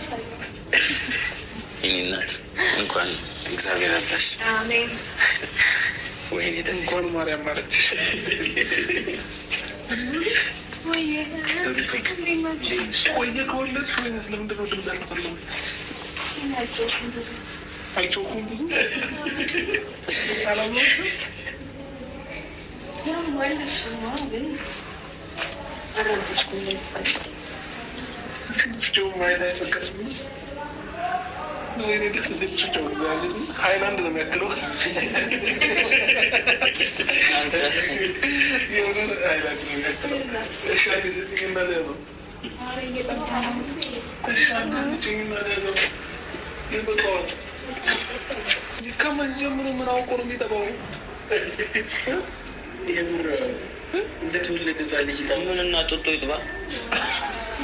የኔ እናት እንኳን እግዚአብሔር አላሽ። ወይኔ ደስ እንኳን ማርያም ማለት አይጮኩም ብዙ ግን ሀይላንድ ነው የሚያክለው። ከመቼ ጀምሮ ምን አውቆ ነው የሚጠባው? እንደተወለደ ጻ ምን እና ጦጦ ይጥባል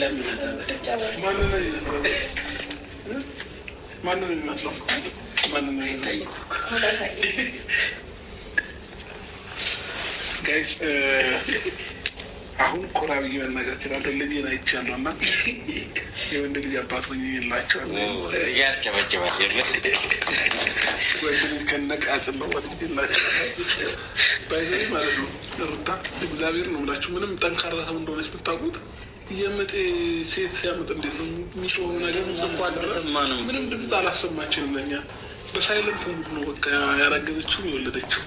ለምን ጋይስ አሁን ኮራ ብዬ መናገር እችላለሁ። ልጄን አይቻለሁ እና የወንድ ልጅ አባት ሆኜ የላቸዋለሁ። ወንድ ነው ማለት ነው። ሩታ እግዚአብሔር ነው የምላችሁ ምንም ጠንካራ ሰው እንደሆነች ብታውቁት እየመጤ ሴት ሲያመጥ እንዴት ነው የሚጮህ? ነገር እኮ አልተሰማንም። ምንም ድምፅ አላሰማችንም። ለኛ በሳይለንት ሙድ ነው በቃ ያረገዘችው የወለደችው።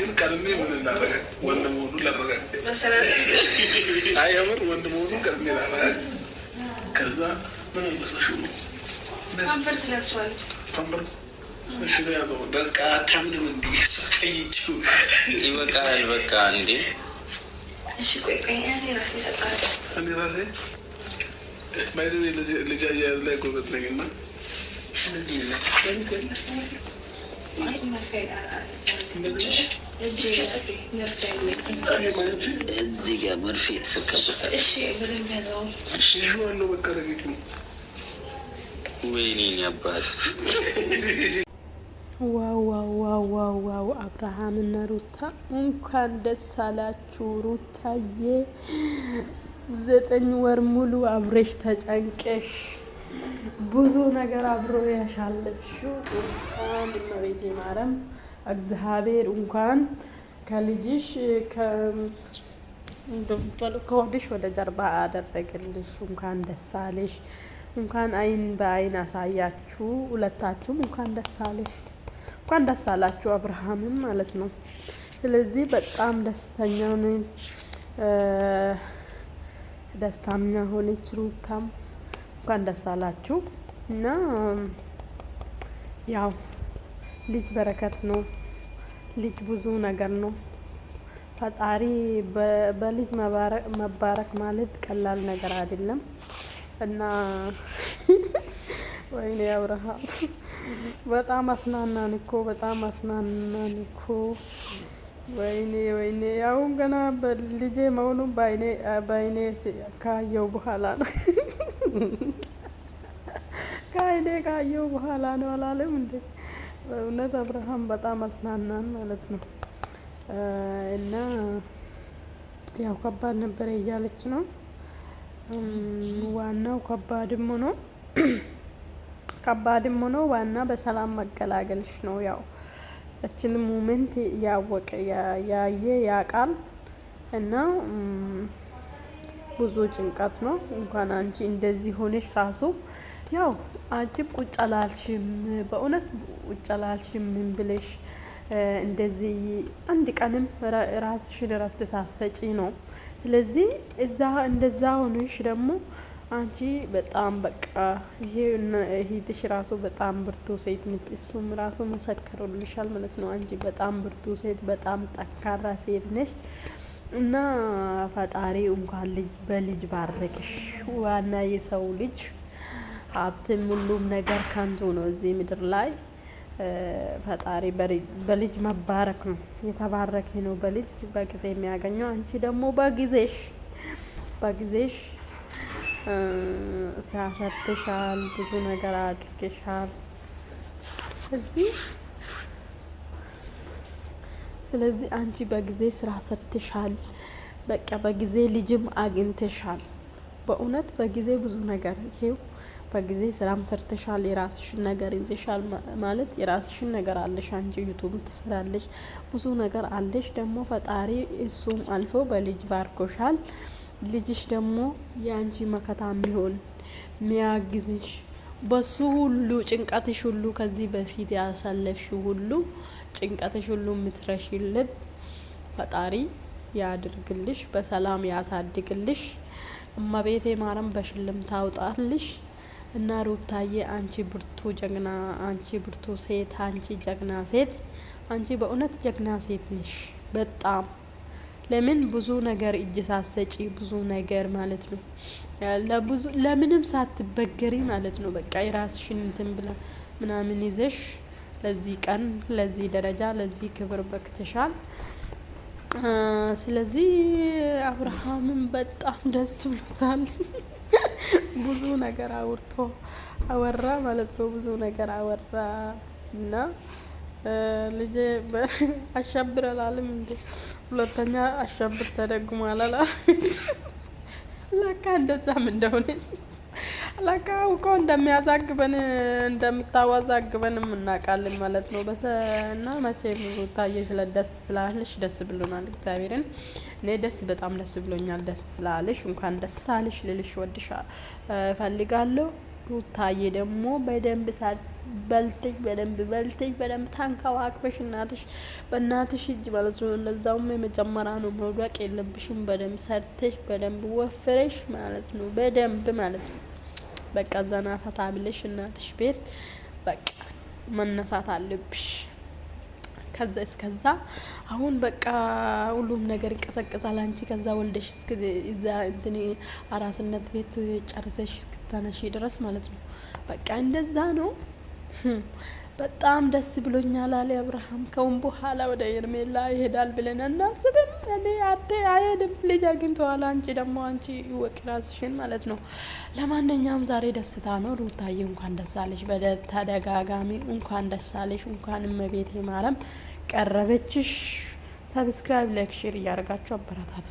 ግን ቀድሜ ምን ላረጋግ ወንድ መሆኑን ላረጋግ አየምር ወንድ መሆኑ ቀድሜ ላረጋግ ከዛ ምን አልመሰለሽም ነው ፓምፐርስ ፓምፐርስ ለብሷል በቃ አታምንም እንዲ ሰቀይች ይበቃል። በቃ እንዴ እሺ፣ ቆይ ቆይ፣ ራሴ እሰጥሀለሁ። እኔ ራሴ ባይዘ ልጅ አያያዝ ላይ ጎበዝ ነኝ እና እዚህ ጋር መርፌ የተሰቀበታል። ወይኔ አባት ዋው አብርሃም እና ሩታ እንኳን ደስ አላችሁ። ሩታዬ ዘጠኝ ወር ሙሉ አብረሽ ተጨንቀሽ ብዙ ነገር አብሮ ያሻለፍሽው እንኳን እመቤቴ ማርያም እግዚአብሔር እንኳን ከልጅሽ ከወድሽ ወደ ጀርባ አደረገልሽ። እንኳን ደስ አለሽ። እንኳን አይን በአይን አሳያችሁ። ሁለታችሁም እንኳን ደስ አለሽ። እንኳን ደስ አላችሁ አብርሃምም ማለት ነው። ስለዚህ በጣም ደስተኛ ነኝ። ደስታምና ሆነች ሩታም እንኳን ደስ አላችሁ እና ያው ልጅ በረከት ነው። ልጅ ብዙ ነገር ነው። ፈጣሪ በልጅ መባረክ ማለት ቀላል ነገር አይደለም እና ወይኔ አብርሃም በጣም አስናናን እኮ በጣም አስናናን እኮ። ወይኔ ወይኔ፣ ያውም ገና በልጄ መሆኑን በአይኔ ካየው በኋላ ነው ከአይኔ ካየው በኋላ ነው አላለም እንዴ? በእውነት አብርሃም በጣም አስናናን ማለት ነው። እና ያው ከባድ ነበረ እያለች ነው። ዋናው ከባድም ነው። ከባድም ሆኖ ዋና በሰላም መገላገልሽ ነው። ያው እችን ሙመንት ያወቀ ያየ ያቃል እና ብዙ ጭንቀት ነው። እንኳን አንቺ እንደዚህ ሆነሽ ራሱ ያው አንቺም ቁጭ አላልሽም፣ በእውነት ቁጭ አላልሽም። ምን ብለሽ እንደዚህ አንድ ቀንም ራስሽን እረፍት ሳትሰጪ ነው። ስለዚህ እዛ እንደዛ ሆነሽ ደግሞ አንቺ በጣም በቃ ይሄ ሂትሽ ራሱ በጣም ብርቱ ሴት ነች። እሱም ራሱ መሰከሩልሻል ማለት ነው። አንቺ በጣም ብርቱ ሴት፣ በጣም ጠንካራ ሴት ነሽ እና ፈጣሪ እንኳን ልጅ በልጅ ባረክሽ። ዋና የሰው ልጅ ሀብትም ሁሉም ነገር ከንቱ ነው እዚህ ምድር ላይ ፈጣሪ በልጅ መባረክ ነው። የተባረከ ነው በልጅ በጊዜ የሚያገኘው። አንቺ ደግሞ በጊዜሽ በጊዜሽ ስራ ሰርተሻል፣ ብዙ ነገር አድርገሻል። ስለዚህ ስለዚህ አንቺ በጊዜ ስራ ሰርተሻል፣ በቃ በጊዜ ልጅም አግኝተሻል። በእውነት በጊዜ ብዙ ነገር ይሄው በጊዜ ስራም ሰርተሻል፣ የራስሽን ነገር ይዘሻል። ማለት የራስሽን ነገር አለሽ አንቺ ዩቱብ ትስራለሽ፣ ብዙ ነገር አለሽ። ደግሞ ፈጣሪ እሱም አልፎ በልጅ ባርኮሻል። ልጅሽ ደግሞ የአንቺ መከታ የሚሆን ሚያግዝሽ በሱ ሁሉ ጭንቀትሽ ሁሉ ከዚህ በፊት ያሳለፍሽ ሁሉ ጭንቀትሽ ሁሉ የምትረሽልን ፈጣሪ ያድርግልሽ፣ በሰላም ያሳድግልሽ። እመቤቴ ማረም በሽልም ታውጣልሽ እና ሩታዬ፣ አንቺ ብርቱ ጀግና፣ አንቺ ብርቱ ሴት፣ አንቺ ጀግና ሴት፣ አንቺ በእውነት ጀግና ሴት ነሽ በጣም ለምን ብዙ ነገር እጅ ሳትሰጪ ብዙ ነገር ማለት ነው ለብዙ ለምንም ሳትበገሪ ማለት ነው በቃ የራስሽን እንትን ብላ ምናምን ይዘሽ ለዚህ ቀን ለዚህ ደረጃ ለዚህ ክብር በክተሻል። ስለዚህ አብርሃምን በጣም ደስ ብሎታል። ብዙ ነገር አውርቶ አወራ ማለት ነው። ብዙ ነገር አወራ እና ልጄ አሻብር አላለም እንዴ? ሁለተኛ አሻብር ተደጉሟል አላለም። ለካ እንደዛም እንደሆነ ለካ አውቀው እንደሚያዛግበን እንደምታዋዛግበንም እናውቃለን ማለት ነው። በሰ እና መቼም ታየ ስለ ደስ ስላለሽ ደስ ብሎናል። እግዚአብሔርን እኔ ደስ በጣም ደስ ብሎኛል። ደስ ስላለሽ እንኳን ደስ አለሽ ልልሽ ወድሻ እፈልጋለሁ። ሩታዬ ደግሞ በደንብ በልትሽ በደንብ በልትሽ በደንብ ታንከባክበሽ እናትሽ በእናትሽ እጅ ማለት ነው። እነዛውም የመጀመሪያ ነው መውደቅ የለብሽም። በደንብ ሰርተሽ በደንብ ወፍረሽ ማለት ነው። በደንብ ማለት ነው። በቃ ዘና ፈታ ብለሽ እናትሽ ቤት በቃ መነሳት አለብሽ። ከዛ እስከዛ አሁን በቃ ሁሉም ነገር ይቀሰቀሳል። አንቺ ከዛ ወልደሽ እዛ እንትን አራስነት ቤት ጨርሰሽ ተነሽ ድረስ ማለት ነው። በቃ እንደዛ ነው። hm በጣም ደስ ብሎኛል አለ አብርሃም። ከውን በኋላ ወደ ኤርሜላ ይሄዳል ብለን እናስብም። እኔ አቴ አይሄድም ልጅ አግኝተዋል። አንቺ ደግሞ አንቺ ይወቂ ራስሽን ማለት ነው። ለማንኛውም ዛሬ ደስታ ነው። ሩታዬ እንኳን ደሳለሽ፣ በተደጋጋሚ እንኳን ደሳለሽ፣ እንኳን እመቤቴ ማርያም ቀረበችሽ። ሰብስክራይብ፣ ላይክ፣ ሼር እያደረጋችሁ አበረታት